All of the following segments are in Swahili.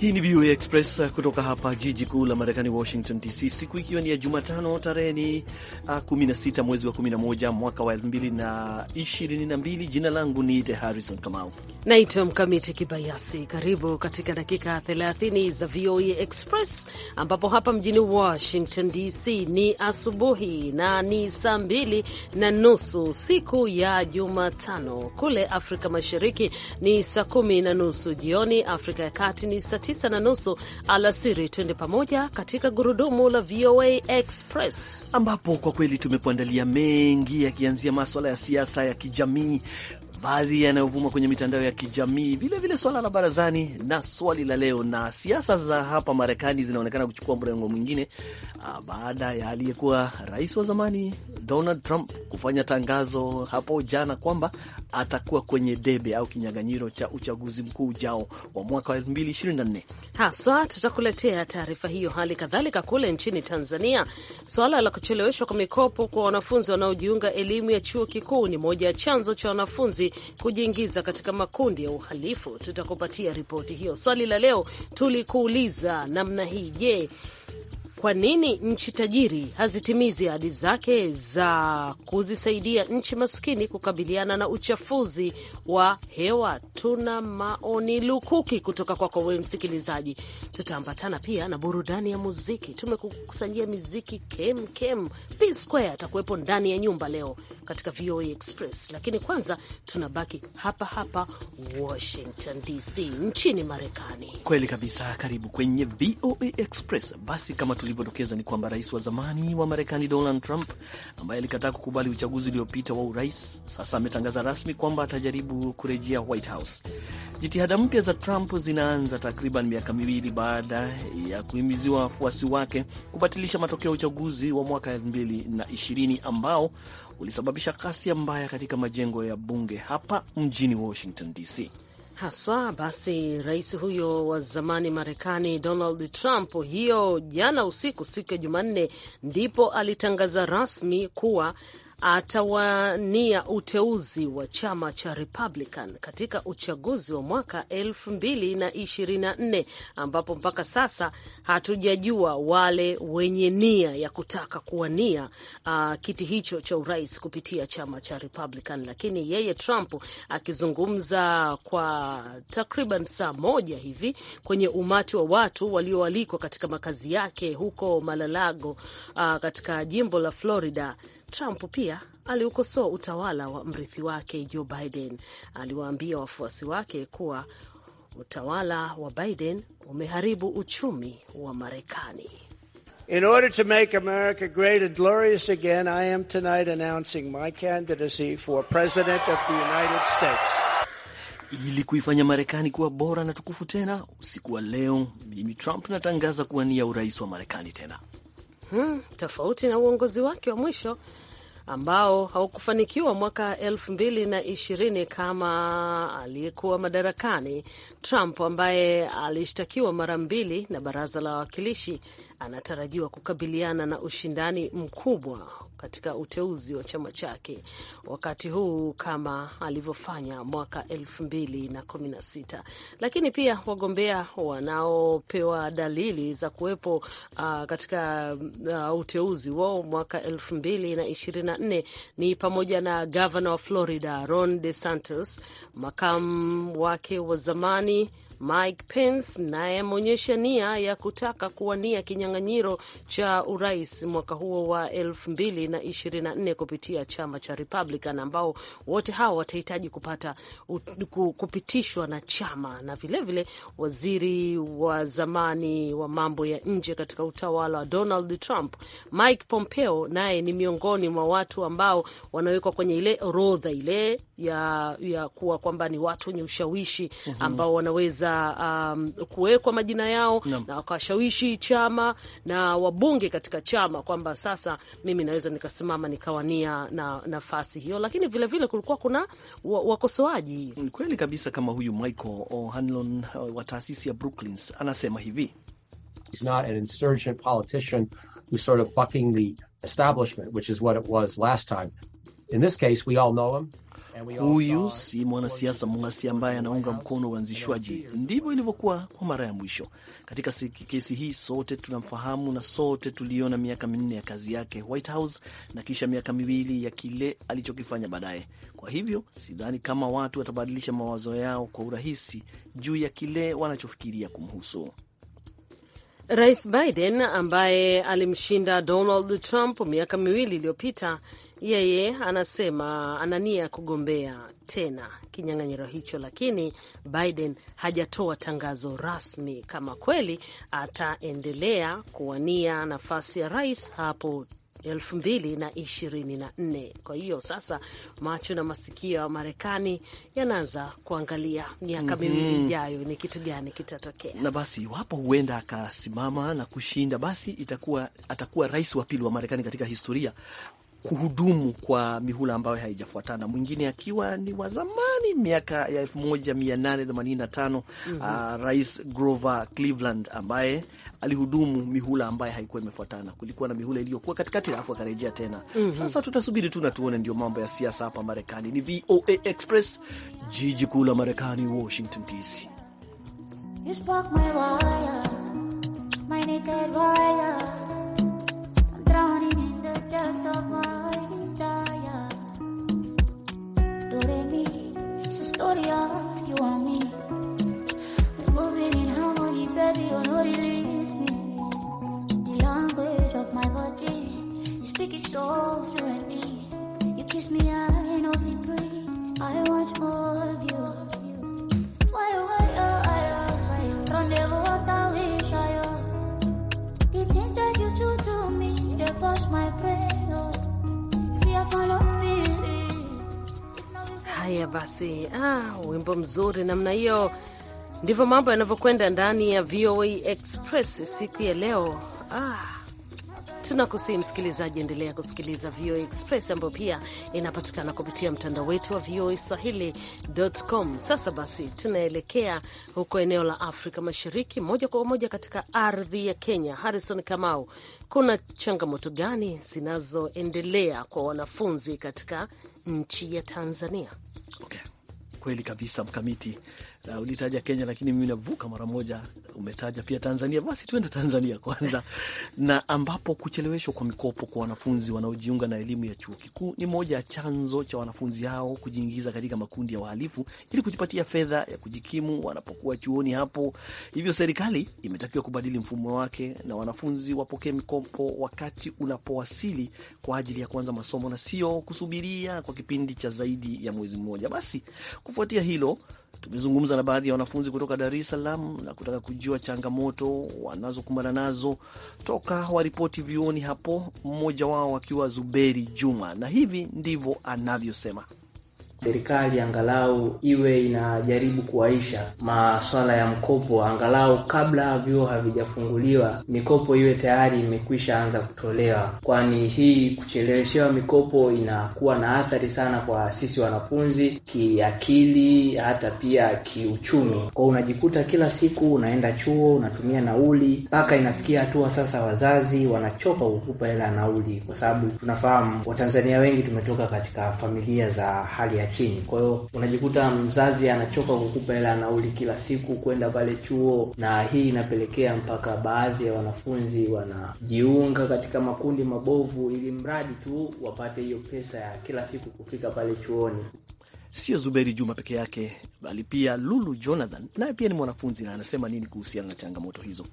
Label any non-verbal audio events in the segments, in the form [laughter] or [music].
Hii ni VOA Express uh, kutoka hapa jiji kuu la Marekani, Washington DC, siku ikiwa ni ya Jumatano, tarehe ni 16 uh, mwezi wa 11 mwaka wa 2022. Jina langu niite Harrison Kamau, naitwa Mkamiti Kibayasi. Karibu katika dakika 30 za VOA Express, ambapo hapa mjini Washington DC ni asubuhi na ni saa mbili na nusu siku ya Jumatano. Kule Afrika Mashariki ni saa kumi na nusu jioni, Afrika ya Kati ni saa tisa na nusu alasiri. Twende pamoja katika gurudumu la VOA Express, ambapo kwa kweli tumekuandalia mengi yakianzia maswala ya siasa ya kijamii baadhi yanayovuma kwenye mitandao ya kijamii vilevile, swala la barazani na swali la leo. Na siasa za hapa Marekani zinaonekana kuchukua mrengo mwingine ah, baada ya aliyekuwa rais wa zamani Donald Trump kufanya tangazo hapo jana kwamba atakuwa kwenye debe au kinyang'anyiro cha uchaguzi mkuu ujao wa mwaka wa 2024 nne haswa. Tutakuletea taarifa hiyo. Hali kadhalika kule nchini Tanzania, suala la kucheleweshwa kwa mikopo kwa wanafunzi wanaojiunga elimu ya chuo kikuu ni moja ya chanzo cha wanafunzi kujiingiza katika makundi ya uhalifu. Tutakupatia ripoti hiyo. Swali la leo tulikuuliza namna hii, je, kwa nini nchi tajiri hazitimizi ahadi zake za kuzisaidia nchi maskini kukabiliana na uchafuzi wa hewa. Tuna maoni lukuki kutoka kwako wewe msikilizaji. Tutaambatana pia na burudani ya muziki, tumekukusanyia miziki kem kem. P Square atakuwepo ndani ya nyumba leo katika VOA Express, lakini kwanza tunabaki hapa hapa Washington DC, nchini Marekani. Kweli kabisa, karibu kwenye VOA Express. Basi kama tuli ulivyodokeza ni kwamba rais wa zamani wa Marekani Donald Trump ambaye alikataa kukubali uchaguzi uliopita wa urais, sasa ametangaza rasmi kwamba atajaribu kurejea White House. Jitihada mpya za Trump zinaanza takriban miaka miwili baada ya kuhimiziwa wafuasi wake kubatilisha matokeo ya uchaguzi wa mwaka 2020 ambao ulisababisha kasi mbaya katika majengo ya bunge hapa mjini Washington DC haswa. Basi rais huyo wa zamani Marekani Donald Trump, hiyo jana usiku, siku ya Jumanne, ndipo alitangaza rasmi kuwa atawania uteuzi wa chama cha Republican katika uchaguzi wa mwaka 2024 ambapo mpaka sasa hatujajua wale wenye nia ya kutaka kuwania uh, kiti hicho cha urais kupitia chama cha Republican. Lakini yeye Trump akizungumza kwa takriban saa moja hivi kwenye umati wa watu walioalikwa katika makazi yake huko Malalago, uh, katika jimbo la Florida Trump pia aliukosoa utawala wa mrithi wake Joe Biden. Aliwaambia wafuasi wake kuwa utawala wa Biden umeharibu uchumi wa Marekani. In order to make America great and glorious again, I am tonight announcing my candidacy for president of the United States. Ili kuifanya Marekani kuwa bora na tukufu tena, usiku wa leo, mimi Trump natangaza kuwania urais wa Marekani tena hmm, tofauti na uongozi wake wa mwisho ambao haukufanikiwa mwaka elfu mbili na ishirini kama aliyekuwa madarakani Trump ambaye alishtakiwa mara mbili na baraza la wawakilishi anatarajiwa kukabiliana na ushindani mkubwa katika uteuzi wa chama chake wakati huu kama alivyofanya mwaka sita. Lakini pia wagombea wanaopewa dalili za kuwepo uh, katika uh, uteuzi wao mwaka nne ni pamoja na gavana wa Florida Ron DeSantis, makamu wake wa zamani Mike Pence naye ameonyesha nia ya kutaka kuwania kinyang'anyiro cha urais mwaka huo wa 2024 kupitia chama cha Republican, ambao wote hawa watahitaji kupata kupitishwa na chama, na vilevile vile waziri wa zamani wa mambo ya nje katika utawala wa Donald Trump, Mike Pompeo, naye ni miongoni mwa watu ambao wanawekwa kwenye ile orodha ile ya, ya kuwa kwamba ni watu wenye ushawishi mhm. ambao wanaweza za um, kuwekwa majina yao no. na wakashawishi chama na wabunge katika chama kwamba sasa mimi naweza nikasimama nikawania na nafasi hiyo, lakini vilevile vile kulikuwa kuna wakosoaji. Kweli kabisa, kama huyu Michael O'Hanlon uh, wa taasisi ya Brooklyns anasema hivi He's not an insurgent politician who's sort of bucking the establishment, which is what it was last time. In this case, we all know him. Huyu si mwanasiasa mwasi ambaye anaunga mkono uanzishwaji. Ndivyo ilivyokuwa kwa mara ya mwisho katika kesi hii. Sote tunamfahamu na sote tuliona miaka minne ya kazi yake White House na kisha miaka miwili ya kile alichokifanya baadaye. Kwa hivyo sidhani kama watu watabadilisha mawazo yao kwa urahisi juu ya kile wanachofikiria kumhusu. Rais Biden ambaye alimshinda Donald Trump miaka miwili iliyopita, yeye anasema ana nia ya kugombea tena kinyang'anyiro hicho, lakini Biden hajatoa tangazo rasmi kama kweli ataendelea kuwania nafasi ya rais hapo elfu mbili na ishirini na nne. Kwa hiyo sasa macho na masikio ya Marekani yanaanza kuangalia miaka mhm. miwili mm -hmm. ijayo ni kitu gani kitatokea, na basi iwapo huenda akasimama na kushinda, basi itakuwa atakuwa rais wa pili wa Marekani katika historia kuhudumu kwa mihula ambayo haijafuatana, mwingine akiwa ni wa zamani miaka ya 1885 mm -hmm. Uh, Rais Grover Cleveland ambaye alihudumu mihula ambaye haikuwa imefuatana. Kulikuwa na mihula iliyokuwa katikati, alafu akarejea tena. mm -hmm. Sasa tutasubiri tu na tuone, ndio mambo ya siasa hapa Marekani. Ni VOA Express, jiji kuu la Marekani, Washington DC. wimbo mzuri namna hiyo. Ndivyo mambo yanavyokwenda ndani ya VOA Express siku ya leo. Ah, tunakusii msikilizaji, endelea kusikiliza VOA Express ambayo pia inapatikana kupitia mtandao wetu wa VOA Swahili.com. Sasa basi, tunaelekea huko eneo la Afrika Mashariki moja kwa moja katika ardhi ya Kenya. Harrison Kamau, kuna changamoto gani zinazoendelea kwa wanafunzi katika nchi ya Tanzania? Okay. Kweli kabisa Mkamiti, Uh, ulitaja Kenya lakini mimi navuka mara moja, umetaja pia Tanzania. Basi tuende Tanzania kwanza [laughs] na ambapo kucheleweshwa kwa mikopo kwa wanafunzi wanaojiunga na elimu ya chuo kikuu ni moja ya chanzo cha wanafunzi hao kujiingiza katika makundi ya wahalifu ili kujipatia fedha ya kujikimu wanapokuwa chuoni hapo. Hivyo serikali imetakiwa kubadili mfumo wake na wanafunzi wapokee mikopo wakati unapowasili kwa ajili ya kuanza masomo na sio kusubiria kwa kipindi cha zaidi ya mwezi mmoja. Basi kufuatia hilo Tumezungumza na baadhi ya wanafunzi kutoka Dar es Salaam na kutaka kujua changamoto wanazokumbana nazo toka waripoti vioni hapo, mmoja wao akiwa Zuberi Juma, na hivi ndivyo anavyosema serikali angalau iwe inajaribu kuwaisha maswala ya mkopo, angalau kabla vyuo havijafunguliwa, mikopo iwe tayari imekwisha anza kutolewa, kwani hii kucheleweshewa mikopo inakuwa na athari sana kwa sisi wanafunzi kiakili, hata pia kiuchumi. Kwa unajikuta kila siku unaenda chuo, unatumia nauli, mpaka inafikia hatua sasa wazazi wanachoka kukupa hela ya nauli, kwa sababu tunafahamu Watanzania wengi tumetoka katika familia za hali ya chini. Kwa hiyo unajikuta mzazi anachoka kukupa hela nauli kila siku kwenda pale chuo, na hii inapelekea mpaka baadhi ya wanafunzi wanajiunga katika makundi mabovu, ili mradi tu wapate hiyo pesa ya kila siku kufika pale chuoni. Sio Zuberi Juma peke yake, bali pia Lulu Jonathan naye pia ni mwanafunzi na anasema nini kuhusiana na changamoto hizo?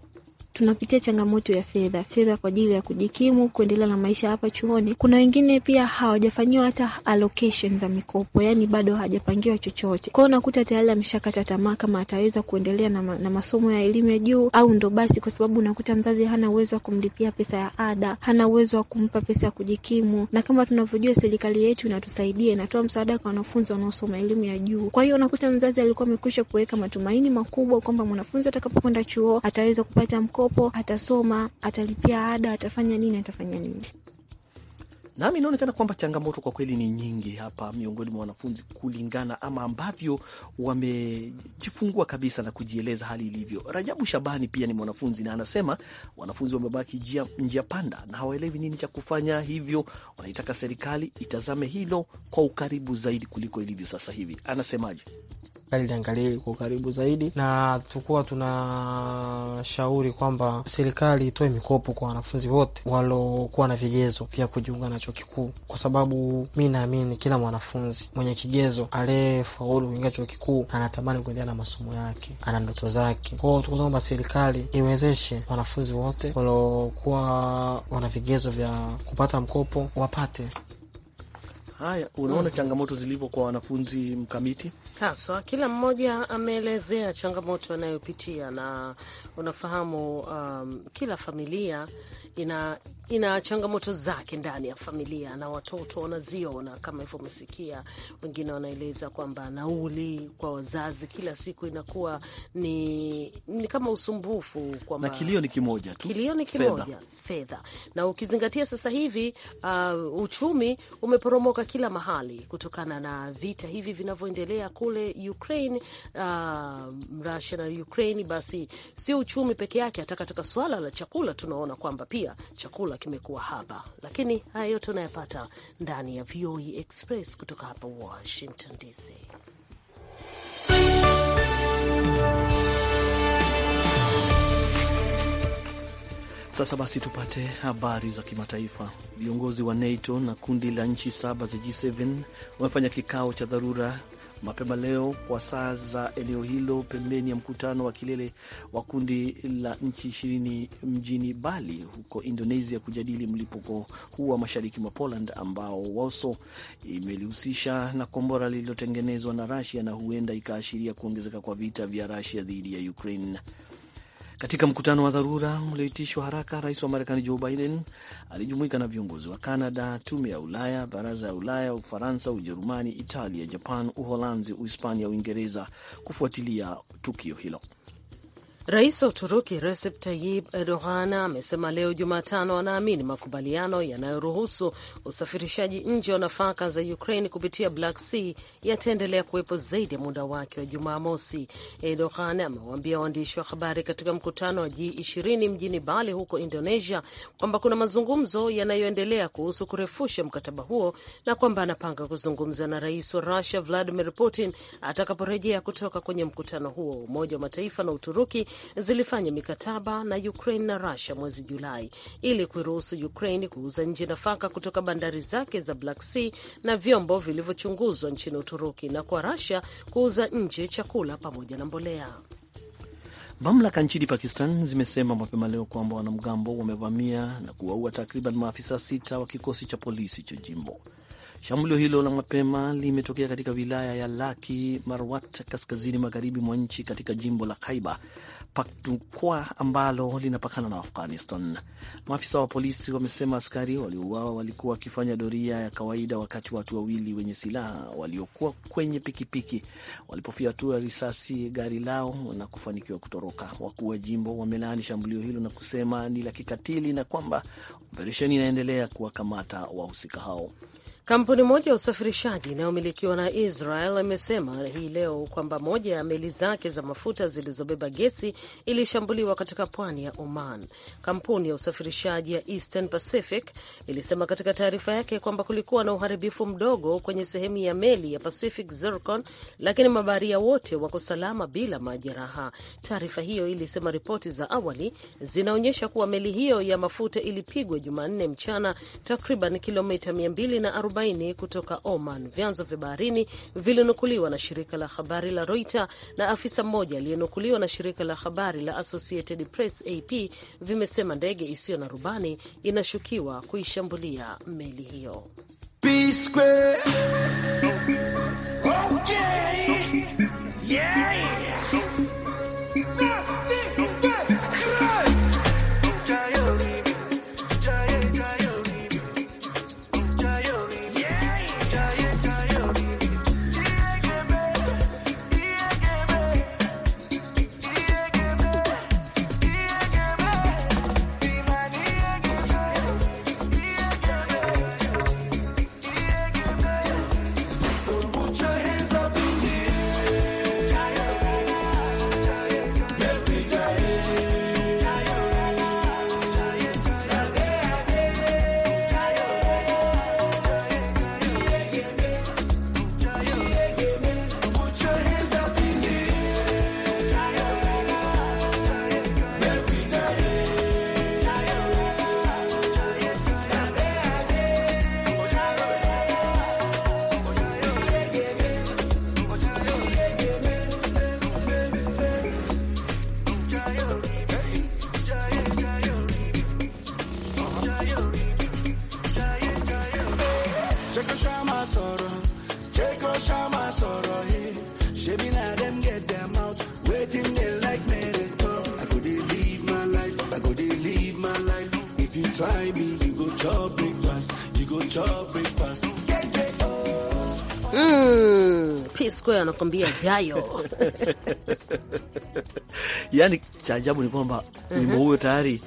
tunapitia changamoto ya fedha, fedha kwa ajili ya kujikimu, kuendelea na maisha hapa chuoni. Kuna wengine pia hawajafanyiwa hata allocation za mikopo, yani bado hawajapangiwa chochote kwao, unakuta tayari ameshakata tamaa kama ataweza kuendelea na, ma, na masomo ya elimu ya juu au ndo basi, kwa sababu unakuta mzazi hana uwezo wa kumlipia pesa ya ada, hana uwezo wa kumpa pesa ya kujikimu. Na kama tunavyojua serikali yetu inatusaidia, inatoa msaada kwa wanafunzi wanaosoma elimu ya juu. Kwa hiyo unakuta mzazi alikuwa amekwisha kuweka matumaini makubwa kwamba mwanafunzi atakapokwenda chuo ataweza kupata mkopo mkopo, atasoma, atalipia ada, atafanya nini, atafanya nini? Nami inaonekana kwamba changamoto kwa kweli ni nyingi hapa miongoni mwa wanafunzi, kulingana ama ambavyo wamejifungua kabisa na kujieleza hali ilivyo. Rajabu Shabani pia ni mwanafunzi na anasema wanafunzi wamebaki njia, njia panda na hawaelewi nini cha kufanya, hivyo wanaitaka serikali itazame hilo kwa ukaribu zaidi kuliko ilivyo sasa hivi. Anasemaje? serikali liangalie kwa ukaribu zaidi, na tukuwa tunashauri kwamba serikali itoe mikopo kwa wanafunzi wote walokuwa na vigezo vya kujiunga na chuo kikuu, kwa sababu mi naamini kila mwanafunzi mwenye kigezo aliyefaulu kuingia chuo kikuu anatamani kuendelea na masomo yake, ana ndoto zake. Kwao tukuomba serikali iwezeshe wanafunzi wote waliokuwa wana vigezo vya kupata mkopo wapate. Haya, unaona mm. changamoto zilivyo kwa wanafunzi mkamiti haswa. Kila mmoja ameelezea changamoto anayopitia na unafahamu, um, kila familia ina ina changamoto zake ndani ya familia na watoto wanaziona, kama hivyo umesikia. Wengine wanaeleza kwamba nauli kwa wazazi kila siku inakuwa ni, ni kama usumbufu kwamba kilio ni kimoja tu, kilio ni kimoja fedha. Na ukizingatia sasa hivi uh, uchumi umeporomoka kila mahali kutokana na vita hivi vinavyoendelea kule Ukraine, uh, Russia na Ukraine, basi si uchumi peke yake, hata katika swala la chakula tunaona kwamba pia pia chakula kimekuwa haba, lakini haya yote unayapata ndani ya VOA e Express kutoka hapa Washington DC. Sasa basi tupate habari za kimataifa. Viongozi wa NATO na kundi la nchi saba za G7 wamefanya kikao cha dharura mapema leo kwa saa za eneo hilo, pembeni ya mkutano wa kilele wa kundi la nchi ishirini mjini Bali huko Indonesia, kujadili mlipuko huu wa mashariki mwa Poland ambao Warsaw imelihusisha na kombora lililotengenezwa na rasia na huenda ikaashiria kuongezeka kwa vita vya rasia dhidi ya Ukraine. Katika mkutano wa dharura ulioitishwa haraka, rais wa Marekani Joe Biden alijumuika na viongozi wa canada tume ya Ulaya, baraza ya Ulaya, Ufaransa, Ujerumani, Italia, Japan, Uholanzi, Uhispania, Uingereza kufuatilia tukio hilo. Rais wa Uturuki Recep Tayyip Erdogan amesema leo Jumatano anaamini makubaliano yanayoruhusu usafirishaji nje wa nafaka za Ukraine kupitia Black Sea yataendelea kuwepo zaidi ya muda wake wa Jumamosi. Erdogan amewaambia waandishi wa habari katika mkutano wa G20 mjini Bali huko Indonesia kwamba kuna mazungumzo yanayoendelea kuhusu kurefusha mkataba huo na kwamba anapanga kuzungumza na rais wa Russia Vladimir Putin atakaporejea kutoka kwenye mkutano huo. Umoja wa Mataifa na Uturuki zilifanya mikataba na Ukraine na Russia mwezi Julai ili kuiruhusu Ukraine kuuza nje nafaka kutoka bandari zake za Black Sea na vyombo vilivyochunguzwa nchini Uturuki na kwa Russia kuuza nje chakula pamoja na mbolea. Mamlaka nchini Pakistan zimesema mapema leo kwamba wanamgambo wamevamia na kuwaua takriban maafisa sita wa kikosi cha polisi cha jimbo. Shambulio hilo la mapema limetokea katika wilaya ya Laki Marwat, kaskazini magharibi mwa nchi katika jimbo la kaiba Paktukwa ambalo linapakana na Afghanistan. Maafisa wa polisi wamesema askari waliouawa walikuwa wakifanya doria ya kawaida wakati watu wawili wenye silaha waliokuwa kwenye pikipiki walipofyatua risasi gari lao na kufanikiwa kutoroka. Wakuu wa jimbo wamelaani shambulio hilo na kusema ni la kikatili na kwamba operesheni inaendelea kuwakamata wahusika hao. Kampuni moja ya usafirishaji inayomilikiwa na Israel imesema hii leo kwamba moja ya meli zake za mafuta zilizobeba gesi ilishambuliwa katika pwani ya Oman. Kampuni ya usafirishaji ya Eastern Pacific ilisema katika taarifa yake kwamba kulikuwa na uharibifu mdogo kwenye sehemu ya meli ya Pacific Zircon, lakini mabaharia wote wako salama bila majeraha. Taarifa hiyo ilisema ripoti za awali zinaonyesha kuwa meli hiyo ya mafuta ilipigwa Jumanne mchana takriban kilomita 240 40 kutoka Oman, vyanzo vya baharini vilinukuliwa na shirika la habari la Reuters na afisa mmoja aliyenukuliwa na shirika la habari la Associated Press AP vimesema ndege isiyo na rubani inashukiwa kuishambulia meli hiyo. Okay. Yeah. Square anakwambia jayo. [laughs] Yani cha ajabu ni kwamba mhm. wimbo huyo tayari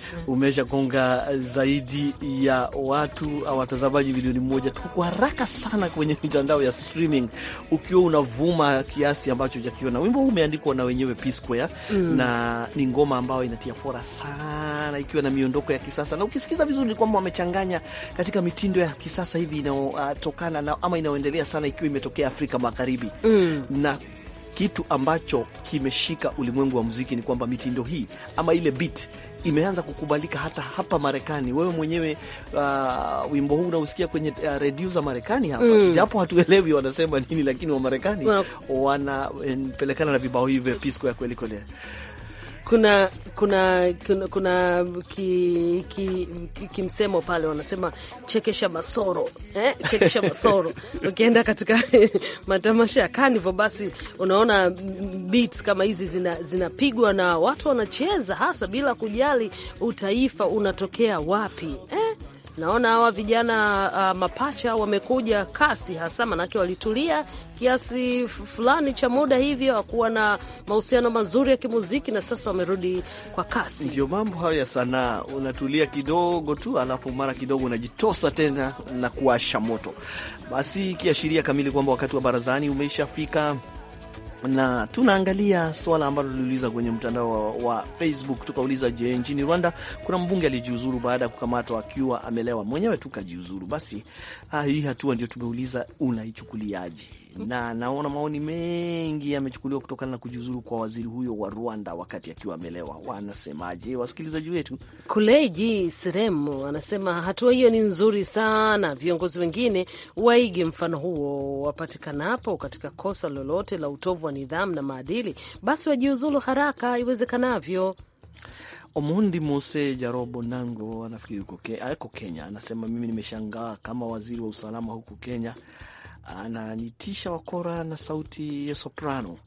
konga zaidi ya watu au watazamaji milioni moja tu kwa haraka sana kwenye mitandao ya streaming, ukiwa unavuma kiasi ambacho hujakiona. Wimbo huu umeandikwa na wenyewe P Square mm. na ni ngoma ambayo inatia fora sana, ikiwa na miondoko ya kisasa, na ukisikiza vizuri ni kwamba wamechanganya katika mitindo ya kisasa hivi inayotokana na ama inayoendelea sana, ikiwa imetokea Afrika Magharibi mm na kitu ambacho kimeshika ulimwengu wa muziki ni kwamba mitindo hii ama ile beat imeanza kukubalika hata hapa Marekani. Wewe mwenyewe uh, wimbo huu unausikia kwenye uh, redio za Marekani hapa mm. japo hatuelewi wanasema nini, lakini Wamarekani wanapelekana na vibao hivi vya pisco ya kwelikweli kuna kuna kuna, kuna ki, ki, ki, kimsemo pale wanasema chekesha masoro eh? Chekesha masoro [laughs] ukienda katika [laughs] matamasha ya kanivo, basi unaona beats kama hizi zinapigwa zina na watu wanacheza hasa bila kujali utaifa unatokea wapi eh? Naona hawa vijana uh, mapacha wamekuja kasi hasa, manake walitulia kiasi fulani cha muda hivyo, hakuwa na mahusiano mazuri ya kimuziki, na sasa wamerudi kwa kasi. Ndio mambo hayo ya sanaa, unatulia kidogo tu, alafu mara kidogo unajitosa tena na kuasha moto. Basi kiashiria kamili kwamba wakati wa barazani umeishafika na tunaangalia swala ambalo liliuliza kwenye mtandao wa, wa Facebook. Tukauliza, je, nchini Rwanda kuna mbunge aliyejiuzuru baada ya kukamatwa akiwa amelewa? Mwenyewe tukajiuzuru. Basi ah, hii hatua ndio tumeuliza unaichukuliaje? na naona maoni mengi yamechukuliwa kutokana na kujiuzuru kwa waziri huyo wa Rwanda wakati akiwa amelewa. Wanasemaje wasikilizaji wetu? Kuleji Seremu anasema hatua hiyo ni nzuri sana, viongozi wengine waige mfano huo. Wapatikanapo katika kosa lolote la utovu wa nidhamu na maadili, basi wajiuzulu haraka iwezekanavyo. Omondi Mose Jarobo Nango anafikiri yuko Kenya, anasema mimi nimeshangaa kama waziri wa usalama huku Kenya ananitisha wakora na sauti ya soprano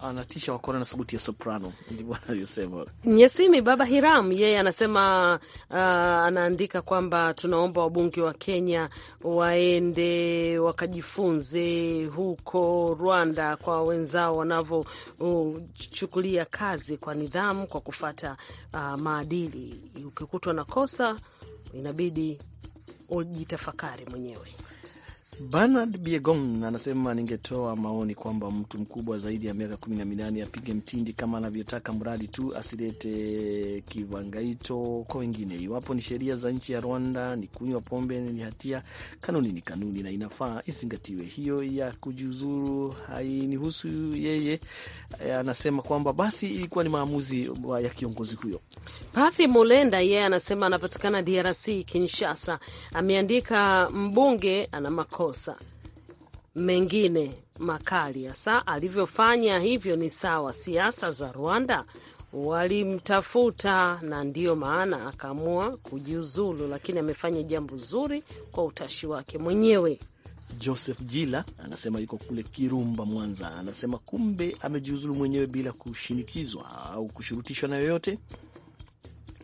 anatisha wakora na sauti ya soprano, ndivyo anavyosema Nyesimi Baba Hiram. Yeye anasema uh, anaandika kwamba tunaomba wabunge wa Kenya waende wakajifunze huko Rwanda kwa wenzao wanavyochukulia uh, kazi kwa nidhamu, kwa kufata uh, maadili. Ukikutwa na kosa inabidi ujitafakari mwenyewe. Bernard Biegong anasema ningetoa maoni kwamba mtu mkubwa zaidi ya miaka kumi na minane apige mtindi kama anavyotaka, mradi tu asilete kivangaito kwa wengine. Iwapo ni sheria za nchi ya Rwanda, ni kunywa pombe ni hatia, kanuni ni kanuni na inafaa izingatiwe. Hiyo ya kujiuzuru hainihusu yeye. Eh, anasema kwamba basi ilikuwa ni maamuzi ya kiongozi huyo. Pathi Mulenda yeye anasema anapatikana DRC Kinshasa, ameandika mbunge ana makosa makosa mengine makali hasa. Alivyofanya hivyo ni sawa. Siasa za Rwanda walimtafuta na ndiyo maana akaamua kujiuzulu, lakini amefanya jambo zuri kwa utashi wake mwenyewe. Joseph Jila anasema yuko kule Kirumba, Mwanza, anasema kumbe amejiuzulu mwenyewe bila kushinikizwa au kushurutishwa na yoyote.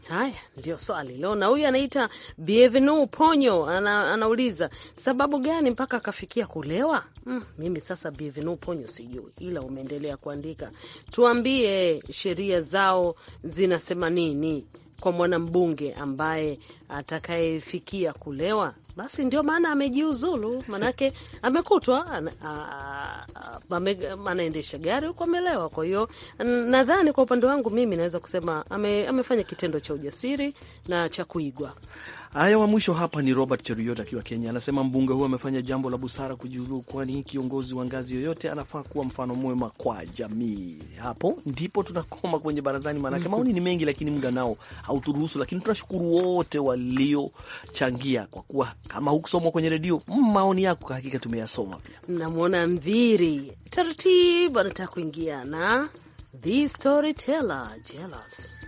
Haya ndio swali leo, na huyu anaita Bienvenu Ponyo ana, anauliza sababu gani mpaka akafikia kulewa. Mm, mimi sasa Bienvenu Ponyo sijui, ila umeendelea kuandika, tuambie sheria zao zinasema nini kwa mwanambunge ambaye atakayefikia kulewa basi ndio maana amejiuzulu, manake amekutwa anaendesha gari huko amelewa. Kwa hiyo nadhani kwa upande wangu mimi naweza kusema ame, amefanya kitendo cha ujasiri na cha kuigwa. Haya, wa mwisho hapa ni Robert Cheruyot akiwa Kenya, anasema mbunge huyo amefanya jambo la busara kujiuluu kwani kiongozi wa ngazi yoyote anafaa kuwa mfano mwema kwa jamii. Hapo ndipo tunakoma kwenye barazani, maanake maoni ni mengi, lakini muda nao hauturuhusu. Lakini tunashukuru wote waliochangia, kwa kuwa kama hukusomwa kwenye redio, mm, maoni yako kwa hakika tumeyasoma pia. Mnamwona Mdhiri taratibu anataka kuingia na the storyteller jealous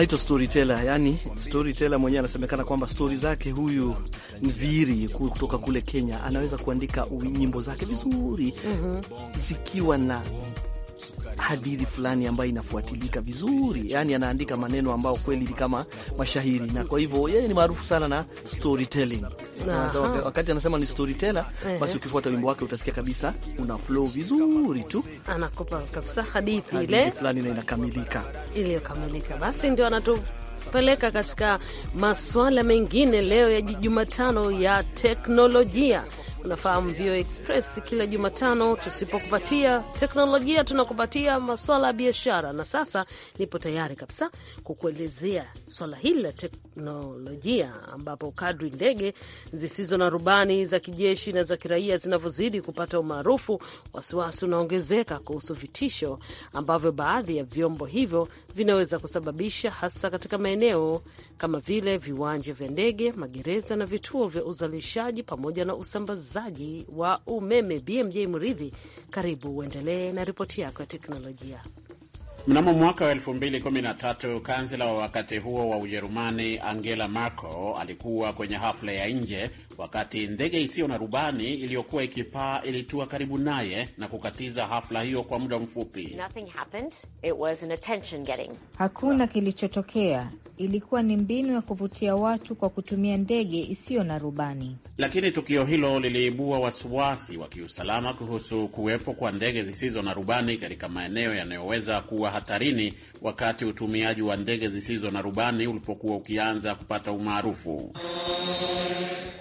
anaitwa storyteller, yani storyteller mwenyewe anasemekana kwamba stori zake huyu Nviri kutoka kule Kenya anaweza kuandika nyimbo zake vizuri mm -hmm. zikiwa na hadithi fulani ambayo inafuatilika vizuri, yani anaandika maneno ambayo kweli ni kama mashahiri, na kwa hivyo yeye ni maarufu sana na storytelling. Wakati anasema ni storyteller, basi ukifuata wimbo wake utasikia kabisa una flow vizuri tu, anakopa kabisa hadithi ile fulani na inakamilika, iliyokamilika. Basi ndio anatu peleka katika masuala mengine leo ya Jumatano ya teknolojia Unafahamu VOA Express kila Jumatano, tusipokupatia teknolojia tunakupatia maswala ya biashara, na sasa nipo tayari kabisa kukuelezea swala hili la teknolojia teknolojia ambapo kadri ndege zisizo na rubani za kijeshi na za kiraia zinavyozidi kupata umaarufu, wasiwasi unaongezeka kuhusu vitisho ambavyo baadhi ya vyombo hivyo vinaweza kusababisha, hasa katika maeneo kama vile viwanja vya ndege, magereza na vituo vya uzalishaji pamoja na usambazaji wa umeme. BMJ Muridhi, karibu uendelee na ripoti yako ya teknolojia. Mnamo mwaka wa 2013 kansela wa wakati huo wa Ujerumani Angela Merkel alikuwa kwenye hafla ya nje wakati ndege isiyo na rubani iliyokuwa ikipaa ilitua karibu naye na kukatiza hafla hiyo kwa muda mfupi. Hakuna kilichotokea, ilikuwa ni mbinu ya kuvutia watu kwa kutumia ndege isiyo na rubani. Lakini tukio hilo liliibua wasiwasi wa kiusalama kuhusu kuwepo kwa ndege zisizo na rubani katika maeneo yanayoweza kuwa hatarini, wakati utumiaji wa ndege zisizo na rubani ulipokuwa ukianza kupata umaarufu.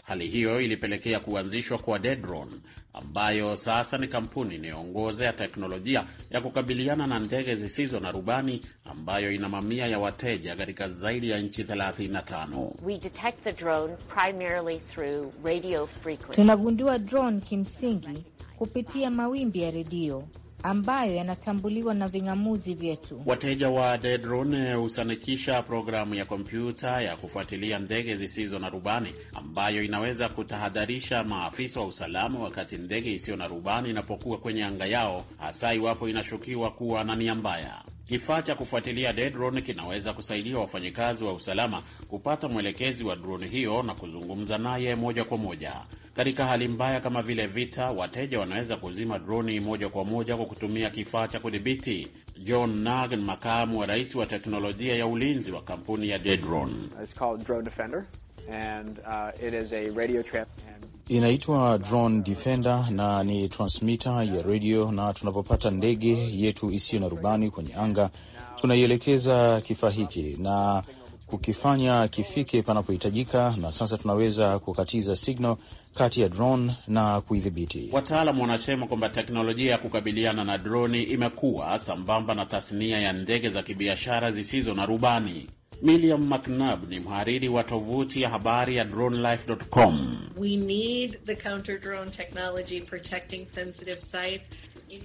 Hali hiyo ilipelekea kuanzishwa kwa Dedron ambayo sasa ni kampuni inayoongoza ya teknolojia ya kukabiliana na ndege zisizo na rubani ambayo ina mamia ya wateja katika zaidi ya nchi 35. Tunagundua drone kimsingi kupitia mawimbi ya redio ambayo yanatambuliwa na ving'amuzi vyetu. Wateja wa Dedrone eh, husanikisha programu ya kompyuta ya kufuatilia ndege zisizo na rubani ambayo inaweza kutahadharisha maafisa wa usalama wakati ndege isiyo na rubani inapokuwa kwenye anga yao, hasa iwapo inashukiwa kuwa na nia mbaya. Kifaa cha kufuatilia drone kinaweza kusaidia wafanyikazi wa usalama kupata mwelekezi wa drone hiyo na kuzungumza naye moja kwa moja. Katika hali mbaya kama vile vita, wateja wanaweza kuzima droni moja kwa moja kwa kutumia kifaa cha kudhibiti. John Nag, makamu wa rais wa teknolojia ya ulinzi wa kampuni ya Dedron inaitwa Drone Defender na ni transmitter ya redio, na tunapopata ndege yetu isiyo na rubani kwenye anga, tunaielekeza kifaa hiki na kukifanya kifike panapohitajika, na sasa tunaweza kukatiza signal kati ya drone na kuidhibiti. wataalam wanasema kwamba teknolojia ya kukabiliana na droni imekuwa sambamba na tasnia ya ndege za kibiashara zisizo na rubani. Miriam McNab ni mhariri wa tovuti ya habari ya dronelife.com. We need the counter drone technology protecting sensitive sites.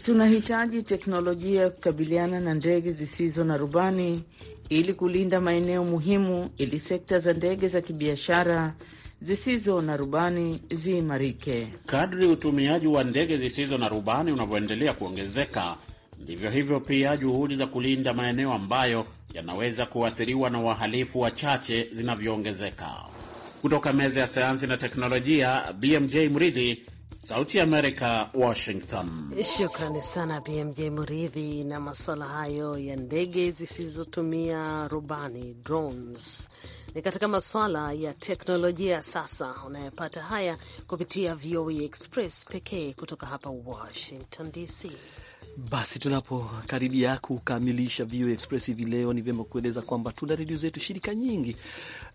Tunahitaji teknolojia ya kukabiliana na ndege zisizo na rubani ili kulinda maeneo muhimu ili sekta za ndege za kibiashara zisizo na rubani ziimarike. Kadri utumiaji wa ndege zisizo na rubani unavyoendelea kuongezeka, Ndivyo hivyo pia juhudi za kulinda maeneo ambayo yanaweza kuathiriwa na wahalifu wachache zinavyoongezeka. Kutoka meza ya sayansi na teknolojia, BMJ Mridhi, Sauti Amerika, Washington. Shukrani sana BMJ Mridhi na masuala hayo ya ndege zisizotumia rubani, drones ni katika masuala ya teknolojia. Sasa unayopata haya kupitia VOA e Express pekee kutoka hapa Washington DC. Basi tunapokaribia kukamilisha VOA Express hivi leo, ni vyema kueleza kwamba tuna redio zetu shirika nyingi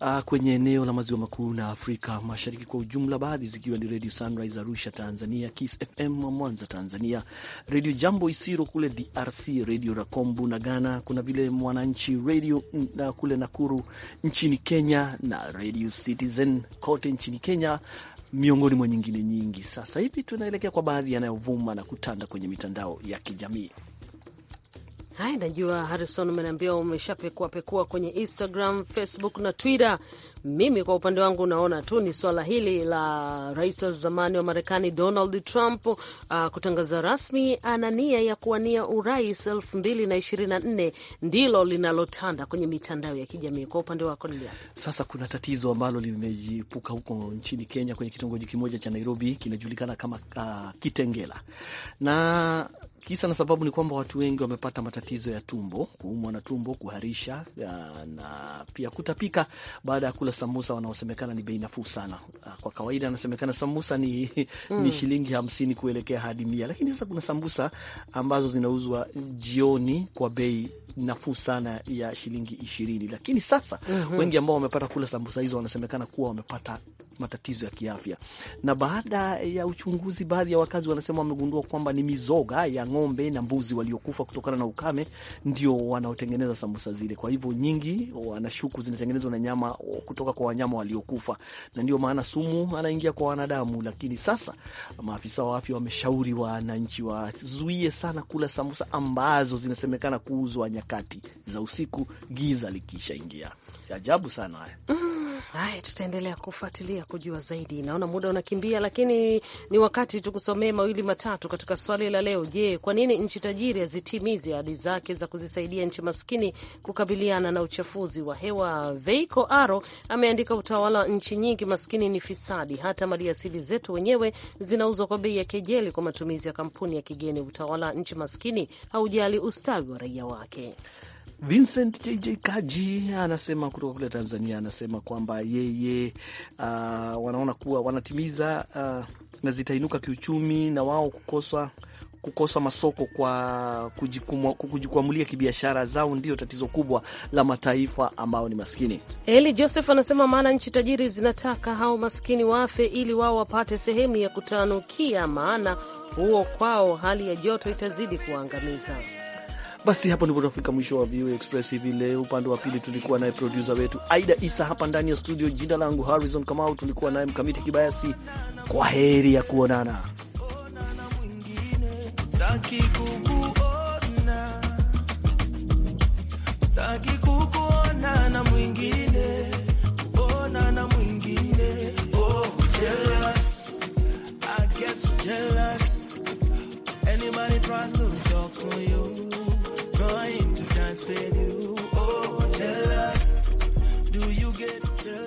uh, kwenye eneo la maziwa makuu na Afrika Mashariki kwa ujumla, baadhi zikiwa ni redio Sunrise Arusha Tanzania, Kiss FM Mwanza Tanzania, redio Jambo Isiro kule DRC, redio Rakombu na Ghana. Kuna vile Mwananchi redio na kule Nakuru nchini Kenya na redio Citizen kote nchini Kenya miongoni mwa nyingine nyingi. Sasa hivi tunaelekea kwa baadhi yanayovuma na kutanda kwenye mitandao ya kijamii. Haya, najua Harrison, umeniambia umeshapekua pekua kwenye Instagram, Facebook na Twitter. Mimi kwa upande wangu naona tu ni swala hili la rais wa zamani wa Marekani Donald Trump uh, kutangaza rasmi ana nia ya kuwania urais nne ndilo linalotanda kwenye mitandao ya kijamii. Kwa upande wako Lilia, sasa kuna tatizo ambalo limejipuka huko nchini Kenya kwenye kitongoji kimoja cha Nairobi kinajulikana kama uh, Kitengela na Kisa na sababu ni kwamba watu wengi wamepata matatizo ya tumbo, kuumwa na tumbo, kuharisha na pia kutapika baada ya kula sambusa wanaosemekana ni bei nafuu sana. Ah, kwa kawaida anasemekana sambusa ni, mm. ni shilingi hamsini kuelekea hadi mia, lakini sasa kuna sambusa ambazo zinauzwa jioni kwa bei nafuu sana ya shilingi ishirini, lakini sasa mm -hmm. wengi ambao wamepata kula sambusa hizo wanasemekana kuwa wamepata matatizo ya kiafya, na baada ya uchunguzi, baadhi ya wakazi wanasema wamegundua kwamba ni mizoga ya ng'ombe na mbuzi waliokufa kutokana na ukame ndio wanaotengeneza sambusa zile. Kwa hivyo nyingi wanashuku zinatengenezwa na nyama kutoka kwa wanyama waliokufa, na ndio maana sumu anaingia kwa wanadamu. Lakini sasa maafisa wa afya wameshauri wananchi wazuie sana kula sambusa ambazo zinasemekana kuuzwa nyakati za usiku, giza likishaingia. Ajabu sana haya. Mm-hmm. Haya, tutaendelea kufuatilia kujua zaidi. Naona muda unakimbia, lakini ni wakati tukusomee mawili matatu katika swali la leo. Je, kwa nini nchi tajiri hazitimizi ahadi zake za kuzisaidia nchi maskini kukabiliana na uchafuzi wa hewa? Veiko Aro ameandika, utawala wa nchi nyingi maskini ni fisadi. Hata maliasili zetu wenyewe zinauzwa kwa bei ya kejeli kwa matumizi ya kampuni ya kigeni. Utawala wa nchi maskini haujali ustawi wa raia wake. Vincent JJ Kaji anasema kutoka kule Tanzania, anasema kwamba yeye uh, wanaona kuwa wanatimiza uh, na zitainuka kiuchumi na wao kukosa kukosa masoko kwa kujikwamulia kibiashara zao ndio tatizo kubwa la mataifa ambayo ni maskini. Eli Joseph anasema maana nchi tajiri zinataka hao maskini wafe ili wao wapate sehemu ya kutanukia, maana huo kwao hali ya joto itazidi kuwaangamiza. Basi hapo ndipo tunafika mwisho wa VOA Express hivi leo. Upande wa pili tulikuwa naye produsa wetu Aida Isa hapa ndani ya studio. Jina langu Harrison Kamau, tulikuwa naye Mkamiti Kibayasi. Kwa heri ya kuonana. Staki kukuona na mwingine